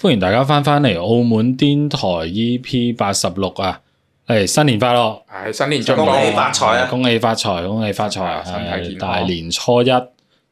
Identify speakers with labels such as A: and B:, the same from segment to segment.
A: 歡迎大家翻翻嚟澳門癲台 E P 八十六啊！係新年快樂，係
B: 新年恭、啊恭，恭喜發
A: 財啊！恭喜發財，恭喜發財！係，但係年初一，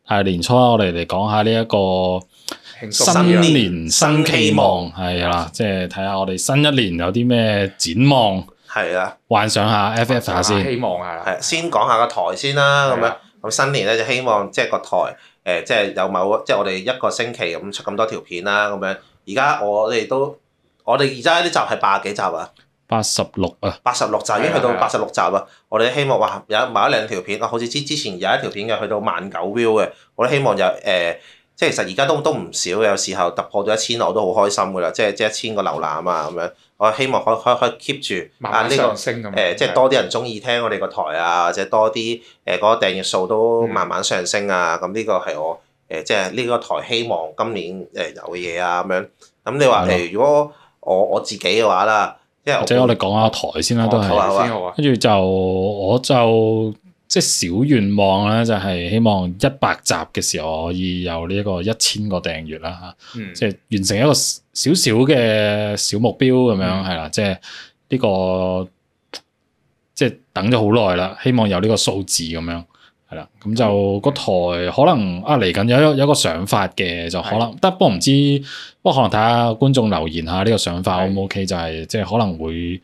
A: 係年初一，我哋嚟講下呢一個
B: 新年
A: 新期望
C: 係啦，
A: 即係睇下我哋新一年有啲咩展望，係啦，幻想下 FF 下先，希望
C: 係，係先講下個台先啦，咁樣咁新年咧就希望即係個台，誒，即係有某即係我哋一個星期咁出咁多條片啦，咁樣。而家我哋都，我哋而家呢集係八幾集啊集？八
A: 十六啊！
C: 八十六集已經去到八十六集啊！是的，是的，我哋希望話有買一兩條片啊，好似之之前有一條片嘅去到萬九 view 嘅，我都希望有誒、呃，即係其實而家都都唔少，有時候突破咗一千我都好開心噶啦，即係即係一千個瀏覽啊咁樣，我希望可以可以可 keep 住啊呢、呢個誒、呃，即係多啲人中意聽我哋個台啊，或者多啲誒嗰個訂閱數都慢慢上升啊，咁呢個係我。誒即係呢個台希望今年誒有嘢啊咁樣，咁你話譬如如果我的我自己嘅話啦，即係我哋我
A: 講下台先啦我都係是，跟住就我就即係、就係、小願望啦，就係希望一百集嘅時候可以有呢一個一千個訂閱啦嚇，即係、嗯、完成一個少少嘅小目標咁樣係啦，即係呢個即係、就係、等咗好耐啦，希望有呢個數字咁樣。係啦，咁就嗰個台可能啊嚟緊有有有個想法嘅，就可能，是的 不過唔知，不過可能睇下觀眾留言下呢個想法 O 唔 OK，就係即係可能會誒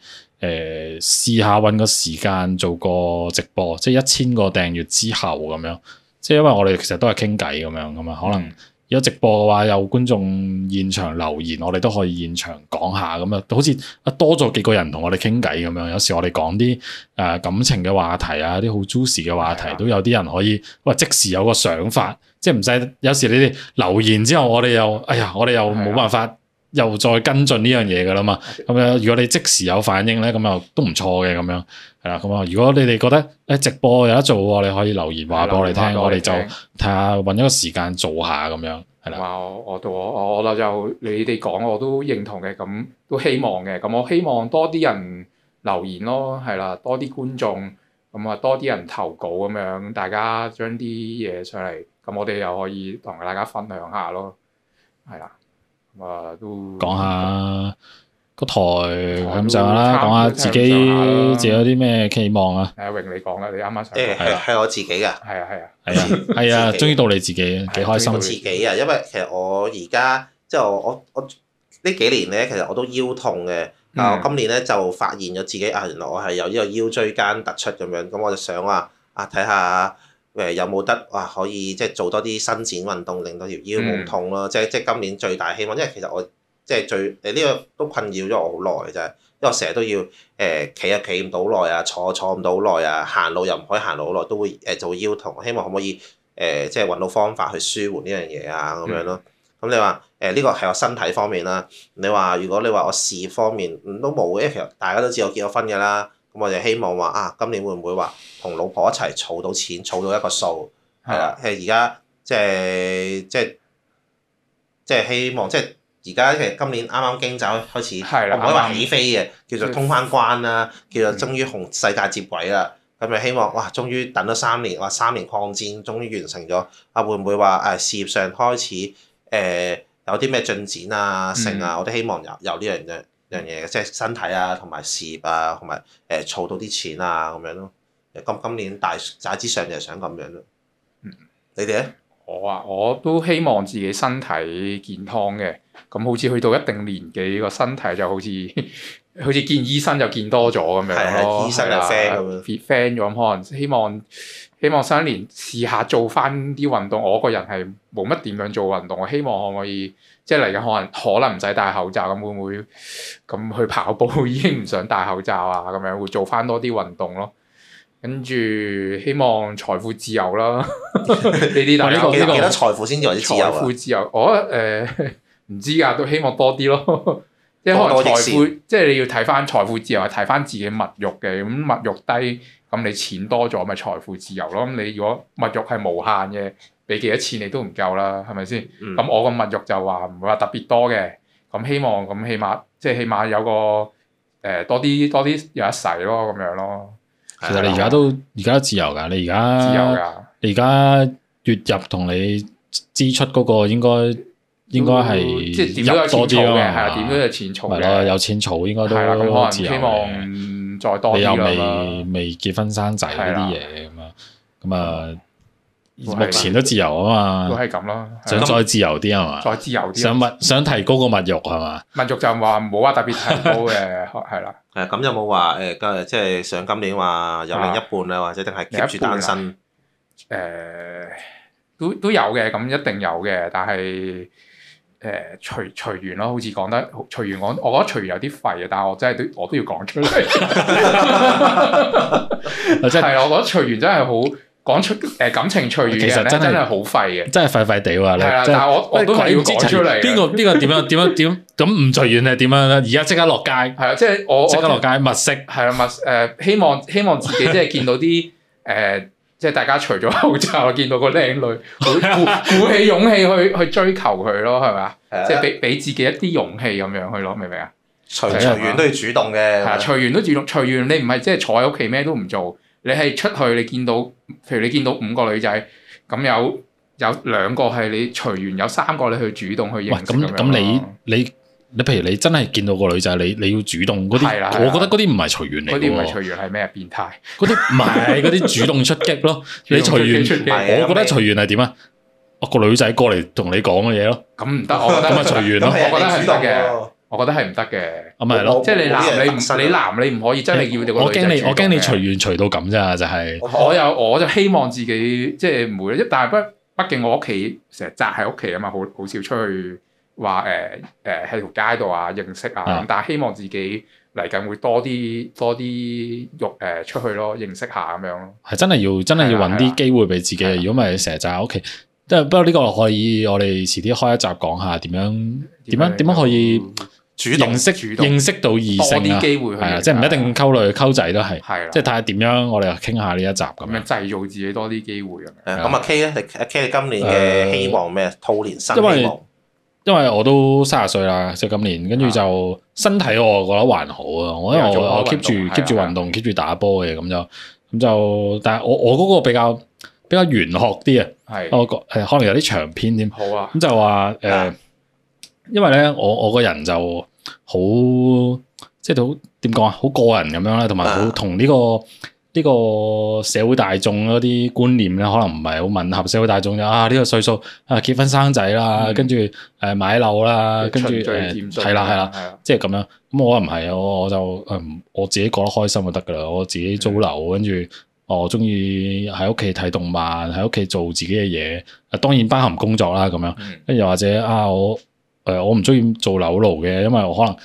A: 試下搵個時間做個直播，即係一千個訂閱之後咁樣，即係因為我哋其實都係傾偈咁樣噶嘛，可能。嗯有直播嘅話，有觀眾現場留言，我哋都可以現場講下咁啊，好似啊多咗幾個人同我哋傾偈咁樣。有時我哋講啲誒感情嘅話題啊，啲好 juicy 嘅話題，話題的都有啲人可以喂即時有個想法，即係唔使有時你哋留言之後，我哋又哎呀，我哋又冇辦法。又再跟進呢樣嘢嘅啦嘛，咁、嗯、樣如果你即時有反應咧，咁又都唔錯嘅咁樣，係啦，咁啊，如果你哋覺得咧、欸、直播有得做，你可以留言話俾的我哋聽，我哋就睇下搵一個時間做下咁
B: 樣，係啦、嗯的。我我我我就你哋講，我都認同嘅，咁都希望嘅，咁我希望多啲人留言咯，係啦，多啲觀眾，咁啊多啲人投稿咁樣，大家將啲嘢上嚟，咁我哋又可以同大家分享下咯，係啦。啊，都講下
A: 個台咁上下啦，講台 下自己自己有啲咩期望啊？阿、啊、榮你
C: 講啦，你啱啱上誒係、欸、係我自己嘅，係啊係啊係啊係啊，啊 終於
A: 到你自己幾 開心。我自
C: 己啊，因為其實我而家即係我我呢幾年咧，其實我都腰痛嘅，嗯、但我今年咧就發現咗自己啊，原來我係有呢個腰椎間突出咁樣，咁我就想話啊睇下。啊看看啊誒有冇得哇？可以即係做多啲伸展運動，令到條腰冇痛咯。嗯、即係即係今年最大希望，因為其實我即係最誒呢、這個都困擾咗我好耐㗎啫。因為我成日都要誒企啊企唔到耐啊，坐坐唔到耐啊，行路又唔可以行路好耐，都會誒、呃、做腰痛。希望可唔可以誒、呃、即係揾到方法去舒緩呢樣嘢啊咁樣咯。咁、嗯、你話誒呢個係我身體方面啦。你話如果你話我事業方面，都冇嘅。其實大家都知我結咗婚㗎啦。我哋希望話啊，今年會唔會話同老婆一齊儲到錢，儲到一個數？係啦的，誒而家即係即係即係希望即係而家其實今年啱啱經濟開始，唔的可以話起飛嘅，的叫做通翻關啦，的叫做終於同世界接軌啦。咁的就希望哇，終於等咗三年，哇三年抗戰終於完成咗。啊，會唔會話誒、啊、事業上開始誒、呃、有啲咩進展啊？成啊、嗯，我都希望有有呢樣嘢。樣嘢嘅，即係身體啊，同埋事業啊，同埋誒儲到啲錢啊，咁樣咯、啊。今今年大債之上就係想咁樣咯、啊。嗯、你哋咧？我啊，我都希望自己
B: 身體健康嘅。咁好似去到一定年紀，個身體就好似 好似見醫生就見多咗咁樣咯。係的、哦、醫生又 friend 咁樣，friend 咗咁可能希望。希望新一年試下做翻啲運動，我個人係冇乜點樣做運動。我希望可唔可以即係嚟緊可能可能唔使戴口罩咁，會唔會咁去跑步？已經唔想戴口罩啊，咁樣，會做翻多啲運動咯。跟住希望財富自由啦。你哋打呢個幾多財富先至為之自由 財富自由，我誒唔、呃、知㗎，都希望多啲咯。即係你要睇翻財富自由，係睇翻自己物欲嘅。咁物欲低，咁你錢多咗，咪、就是、財富自由咯。咁你如果物欲係無限嘅，俾幾多錢你都唔夠啦，係咪先？咁、嗯、我個物欲就話唔會話特別多嘅。咁希望咁起碼，即、就、係、是、起碼有個誒、呃、多啲多啲有得使咯，咁樣咯。其實你而家都
A: 而家、嗯、自由㗎，你而家自由㗎。你而家月入同你支出嗰個應該。應該係即係點都有錢儲嘅，係啦，點都有
B: 錢儲嘅。係咯，有
A: 錢儲應該都係啦。咁可能希
B: 望再多啲啦。你又未
A: 未結婚生仔呢啲嘢咁啊？咁啊，目前都自由啊嘛。都係咁咯，想再自由啲係嘛？再自由啲。想物想提高個
B: 物欲係嘛？物欲就唔話冇啊，特別提高嘅。係啦。
C: 係咁有冇話誒？即係想今年話有另一半啦，或者定係保持住單身？誒，都都有嘅，咁一定有嘅，但係。誒隨隨
B: 緣咯，好似講得隨緣，我我覺得隨緣有啲廢啊，但係我真係都我都要講出嚟。係啊，我覺得隨緣真係好講出誒感情隨緣咧，其實真係好廢嘅，
A: 真係廢廢地話咧。對但係我是我都要講出嚟。邊個邊個點樣點樣
B: 點咁唔隨緣係點樣咧？而家即刻落街。係啊， 即係我即刻落街物色。係啦，物誒希望希望自己即係見到啲誒。即係大家除咗口罩，我 見到個靚女 鼓，鼓起勇氣去去追求佢咯，係咪？ 即係俾俾自己一啲勇氣咁樣去咯，明唔明啊？隨隨緣都要主動嘅，係隨緣都主動。隨緣你唔係即係坐喺屋企咩都唔做，你係出去你見到，譬如你見到五個女仔，咁有有兩個係你隨緣，有三個你去主動去認咁樣你。 你譬如你真係見到個女仔，你你要主動嗰啲，我覺得嗰啲唔係隨緣嚟。嗰啲唔係
A: 隨緣，係咩變態？嗰啲唔係嗰啲主動出擊咯。你隨緣，我覺得隨緣係點啊？哦，個女仔過嚟同你講嘅嘢咯。
B: 咁唔得，咁咪隨緣咯。我覺得係唔得嘅。我覺得係唔得嘅。咁咪咯，即係你男，你唔你男，你唔可以真係要你個女仔主動嘅。我驚你，我驚你隨
A: 緣隨到咁啫，就係。我
B: 有我就希望自己即係唔會，但係畢畢竟我屋企成日宅喺屋企啊嘛，好好少出去。話誒誒喺條街度啊，認識啊，但係希望自己嚟緊會多啲多啲肉誒出去咯，認識下咁樣。
A: 係真係要真係要揾啲機會俾自己。如果唔係成日就喺屋企，都不過呢個可以我哋遲啲開一集講下點樣點樣點樣可以主動認識認識到異性啊，係啊，即係唔一定溝女溝仔都係，係即係睇下點樣我哋傾下呢一集
C: 咁樣，製造自己多啲機會啊。誒咁阿 K 咧，K 今年嘅希望咩？兔年新希望。
A: 因為我都三十歲啦，即今年，跟住就身體我覺得還好啊，我、呃、的因為我 keep 住 keep 住運動，keep 住打波嘅咁就咁就，但係我我嗰個比較比較玄學啲啊，係我覺誒可能有啲長篇添，好啊，咁就話誒，因為咧我我個人就好即係好點講啊，好、就是、個人咁樣啦，同埋好同呢個。呢個社會大眾嗰啲觀念咧，可能唔係好吻合社會大眾、就是。就啊，呢、這個歲數啊，結婚生仔啦，跟住誒、啊、買樓啦，嗯、跟住誒係啦係啦，即係咁樣。咁我唔係，我我就誒，我自己過得開心就得噶啦。我自己租樓，跟住我中意喺屋企睇動漫，喺屋企做自己嘅嘢。當然包含工作啦，咁樣。跟住或者啊，我誒、啊、我唔中意做樓奴嘅，因為我可能誒、啊、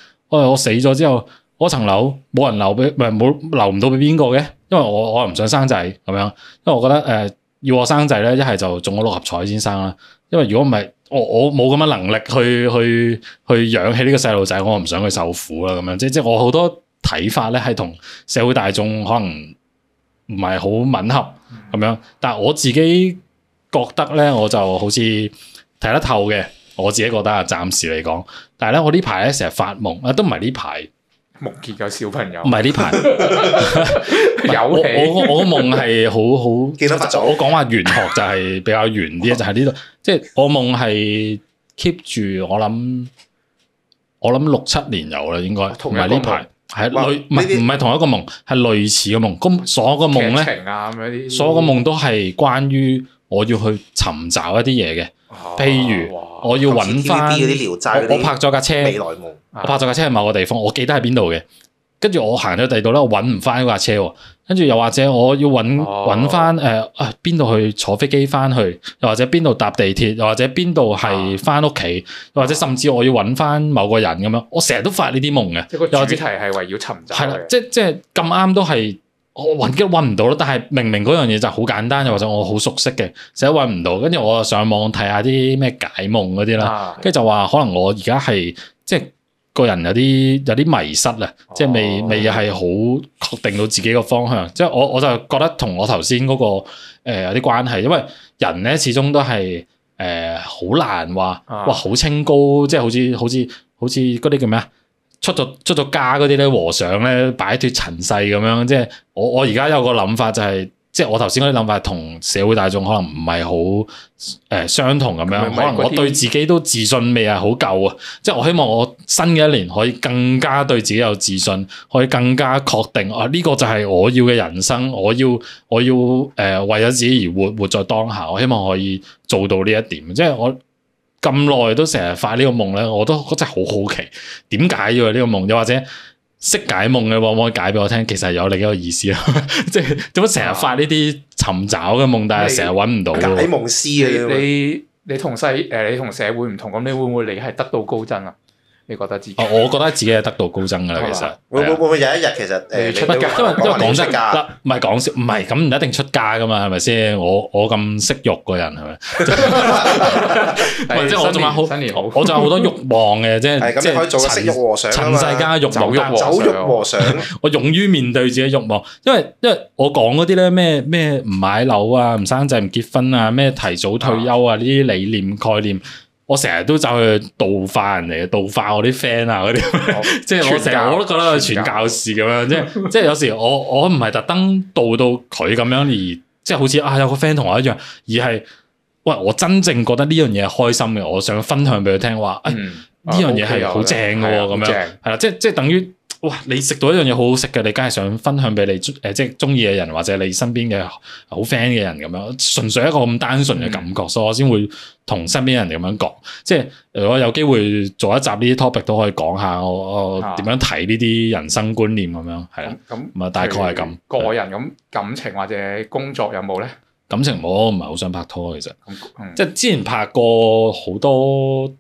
A: 我死咗之後。嗰層樓冇人留俾，唔係冇留唔到俾邊個嘅，因為我我唔想生仔咁樣，因為我覺得誒、呃、要我生仔咧，一係就中咗六合彩先生啦，因為如果唔係我我冇咁嘅能力去去去養起呢個細路仔，我唔想去受苦啦咁樣，即即係我好多睇法咧，係同社會大眾可能唔係好吻合咁樣，但係我自己覺得咧，我就好似睇得透嘅，我自己覺得啊，暫時嚟講，但係咧我呢排咧成日發夢啊，都唔係呢排。
B: 木結嘅小
A: 朋友，唔係呢排，有我我我夢係好好記得。我講話玄學就係比較玄啲，就係呢度。即係我夢係 keep 住，我諗我諗六七年有啦，應該唔係呢排，係類唔係唔係同一個夢，係類似嘅夢。咁所有嘅夢咧，
B: 所有嘅夢
A: 都係關於我要去尋找一啲嘢嘅，譬如。我要揾翻我，我拍咗架車，我拍咗架車喺某個地方，我記得喺邊度嘅。跟住我行咗第度咧，我揾唔翻嗰架車。跟住又或者我要揾揾翻誒啊邊度去坐飛機翻去，又或者邊度搭地鐵，又或者邊度係翻屋企，哦、或者甚至我要揾翻某個人咁樣。我成日都發呢啲夢嘅。即係個主題係圍繞尋找。係啦，即係即係咁啱都係。我揾嘅揾唔到咯，但係明明嗰樣嘢就好簡單，又或者我好熟悉嘅，成日揾唔到，跟住我就上網睇下啲咩解夢嗰啲啦，跟住、啊、就話可能我而家係即係個人有啲有啲迷失啊，哦、即係未未係好確定到自己個方向，即、就、係、是、我我就覺得同我頭先嗰個誒、呃、有啲關係，因為人咧始終都係誒好難話、啊、哇好清高，即、就、係、是、好似好似好似嗰啲叫咩啊？出咗出咗家嗰啲咧，和尚咧擺脫塵世咁樣，即係我我而家有個諗法就係、是，即係我頭先嗰啲諗法同社會大眾可能唔係好誒相同咁樣，可能我對自己都自信未係好夠啊！嗯、即係我希望我新嘅一年可以更加對自己有自信，可以更加確定啊！呢、這個就係我要嘅人生，我要我要誒、呃、為咗自己而活，活在當下，我希望可以做到呢一點，即係我。咁耐都成日發呢個夢咧，我都我覺得真係好好奇，點解要呢、這個夢？又或者識解夢嘅，可唔可以解俾我聽？其實有另一個意思啦，即 係做乜成日發呢啲尋找嘅夢，啊、但係成日搵唔到嘅解夢師，你
B: 你同世誒，你同、呃、社會唔同，咁你會唔會你係得到高薪啊？你覺得自己？我
A: 覺得自己係得道高僧㗎啦，其實會會會
B: 唔會有一日其實誒出家？因為因為講真，
A: 唔係講笑，唔係咁唔一定出家㗎嘛，係咪先？我我咁色欲個人係咪？
B: 即係
A: 我仲有好，我仲有好多慾望嘅，即係即係可以做個色欲和尚，塵世間嘅慾望，走慾和尚，我勇於面對自己慾望，因為因為我講嗰啲咧咩咩唔買樓啊，唔生仔唔結婚啊，咩提早退休啊呢啲理念概念。我成日都走去道化人嚟，道化我啲 friend 啊，嗰啲即係我成日我都覺得係傳教士咁樣，即係即係有時我我唔係特登道到佢咁樣，而即係好似啊有個 friend 同我一樣，而係喂我真正覺得呢樣嘢係開心嘅，我想分享俾佢聽，話誒呢樣嘢係好正嘅，咁、嗯啊 okay、樣係啦，即係即係等於。哇！你食到一樣嘢好好食嘅，你梗係想分享俾你誒、呃，即係中意嘅人或者你身邊嘅好 friend 嘅人咁樣，純粹一個咁單純嘅感覺，嗯、所以我先會同身邊人咁樣講。即係如果有機會做一集呢啲 topic 都可以講下我，啊、我我點樣睇呢啲人生觀念咁樣係啦。咁啊，對那大概係咁。
B: 個人咁感情或者工作有冇咧？感情冇，唔係好想拍拖其
A: 實。嗯、即係之前拍過好多。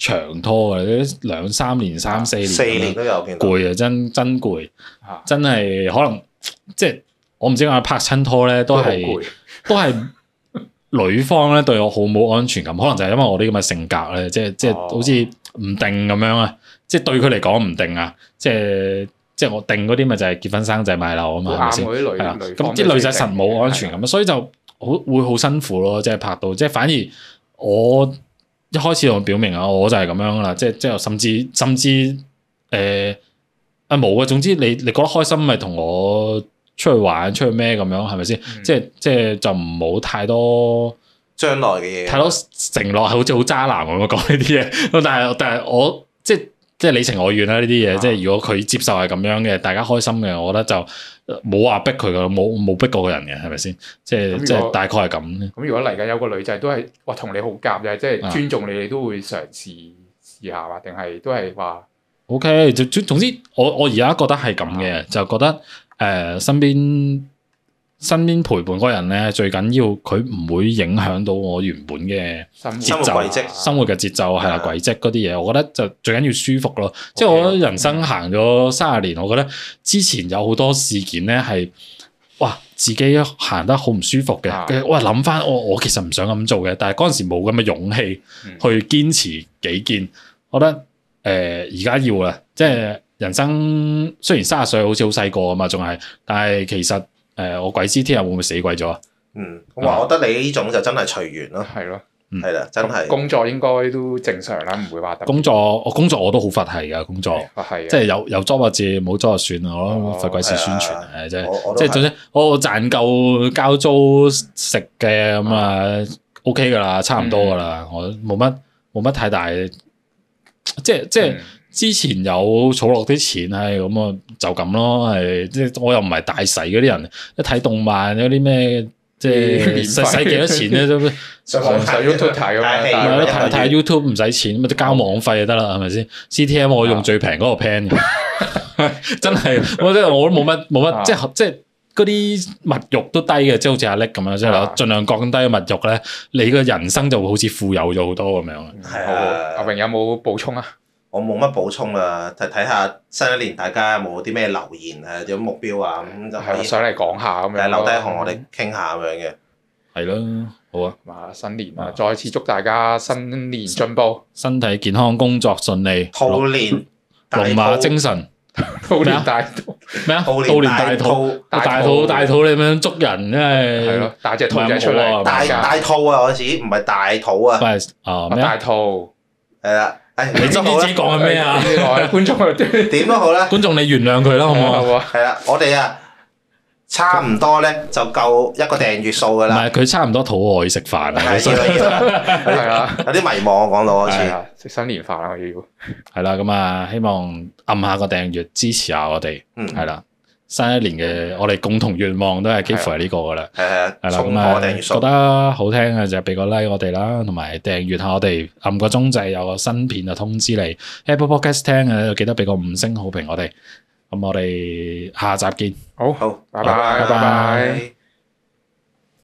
A: 長拖嘅，兩三年、三四年，四年都有攰啊，真真攰，真係可能即係我唔知點解，拍親拖咧，都係都係很 女方咧對我好冇安全感，可能就係因為我啲咁嘅性格咧，即係即係好似唔定咁樣啊，即係對佢嚟講唔定啊，即係即係我定嗰啲咪就係結婚生仔買樓啊嘛，係咪先？咁啲吧女仔神冇安全感，所以就好會好辛苦咯，即係拍到，即係反而我。一開始我表明啊，我就係咁樣啦，即即甚至甚至誒、呃、啊冇啊，總之你你覺得開心咪同、就是、我出去玩出去咩咁樣，係咪先？即即就唔好太多
C: 將來嘅嘢，
A: 太多承諾係、嗯、好似好渣男咁講呢啲嘢，但係但係我。即係你情我願啦呢啲嘢，即係如果佢接受係咁樣嘅，大家開心嘅，我覺得就冇話逼佢嘅，冇冇逼過個人嘅，係咪先？即係即係大概係咁。咁
B: 如果嚟緊有個女仔都係，哇，同你好夾嘅，即係尊重你，你都會嘗試試下嘛？定係都係話
A: ？O K，就總之我，我我而家覺得係咁嘅，嗯、就覺得誒、呃，身邊。身邊陪伴嗰人咧，最緊要佢唔會影響到我原本嘅生活軌跡、生活嘅節奏，係啊 Yeah.，軌跡嗰啲嘢，我覺得就最緊要舒服咯。即係 Okay. 我人生行咗三十年，我覺得之前有好多事件咧係，哇，自己行得好唔舒服嘅 Yeah.。我諗翻，我我其實唔想咁做嘅，但係嗰陣時冇咁嘅勇氣去堅持己見。我覺得誒，而家要啦，即係人生雖然三十歲好似好細個啊嘛，仲係，但係其實。誒，我鬼知聽日會唔會死鬼咗
C: 啊？嗯，我我覺得你呢種就真係隨
B: 緣咯，係咯，係啦，真係工作應該都正常啦，唔會話。工
A: 作我工作我都好佛係噶，工作，即係有有 job 字冇 job 就算，我佛鬼事宣傳誒，即係即係總之我賺夠交租食嘅咁啊，OK 噶啦，差唔多噶啦，我冇乜冇乜太大，即係即係。之前有儲落啲錢係咁啊，就咁咯，係即係我又唔係大使嗰啲人，一睇動漫嗰啲咩，即係使使幾多錢咧，都
B: 上
C: 網睇 YouTube 咁啦，睇睇
A: YouTube 唔使錢，咪交網費就得啦，係咪先？C T M 我用最平嗰個 plan，真係我真係我都冇乜冇乜，即係即係嗰啲物欲都低嘅，即係好似阿叻咁樣，即係盡量降低物欲咧，你個人生就會好似富有咗好多咁樣。係
C: 啊，阿榮有冇補充啊？我冇乜補充啦，睇睇下新一年大家有冇啲咩留言誒，有冇目標啊？咁就係想嚟
B: 講下咁樣留低同我哋
C: 傾下咁樣嘅。
B: 係咯，好啊。哇！新年啊，再次祝大家新年進步，身體健康，工作順利。兔年龍馬精神，兔年大兔
C: 咩啊？兔年
A: 大兔大兔，大肚！你咁樣捉人真係係咯，大隻兔仔出嚟，大大
C: 兔啊！我似唔係大肚啊，係啊咩啊？大兔係啦。你知自己講緊咩啊？點都、哎、好啦，觀眾，
A: 觀眾你原諒佢啦，好唔好啊？
C: 係啦， 我哋啊差唔多咧就夠一個訂月數噶啦那。唔係
A: 佢差唔多肚餓去食飯啊！係啦 其實， 有啲
C: 迷茫講到好似食的新年飯我要係啦，
A: 咁啊希望暗下個訂閱支持下我哋，嗯係啦。新一年嘅我哋共同願望都係幾乎係呢個噶啦，係啦咁啊，覺得好聽嘅就畀個 like 我哋啦，同埋訂閲下我哋，按個鐘就有個新片就通知你，Apple Podcast 聽嘅記得畀個五星好評我哋，咁我哋下集見，好好，拜拜好拜拜。